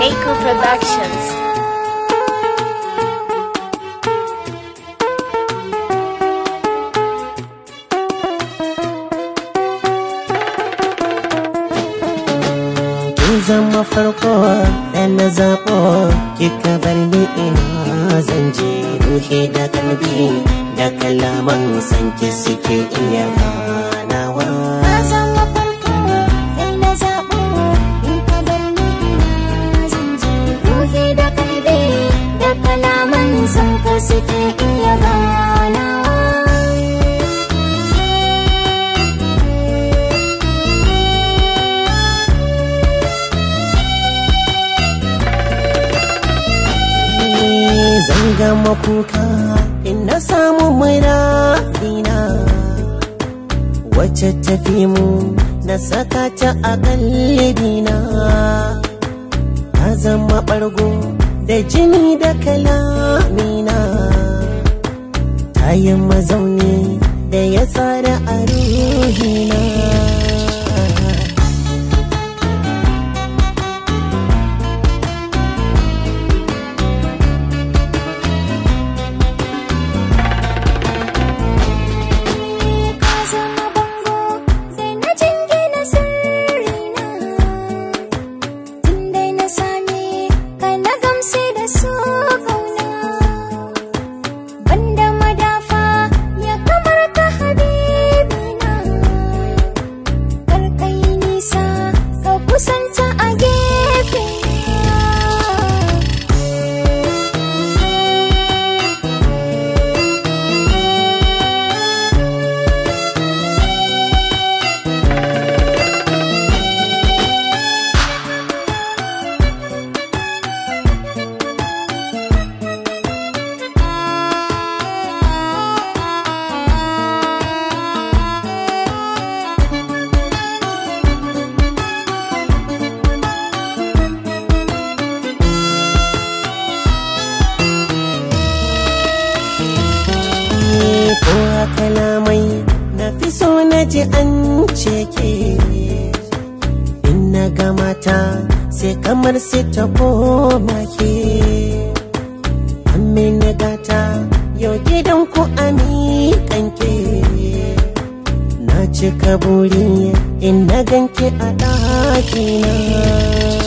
Mako Productions. zama farko da na zaɓo kika bar ni ina zan je ruhe da kalbi da kalaman sanke suke iya ba san ka suke iya zan gama kuka in na samu mai dina wacce tafi mu na saka ta a kallibina ta zama ɓargo da jini da kalamina kayan mazauni da ya tsara aro kalamai na fi so na ji an ce ke in ga mata sai kamar sai ta koma ke amme na gata yau gidan ku amikan ke na cika buri in na ganke a ɗakina